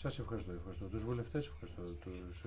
Σας ευχαριστώ, ευχαριστώ τους βουλευτές, ευχαριστώ τους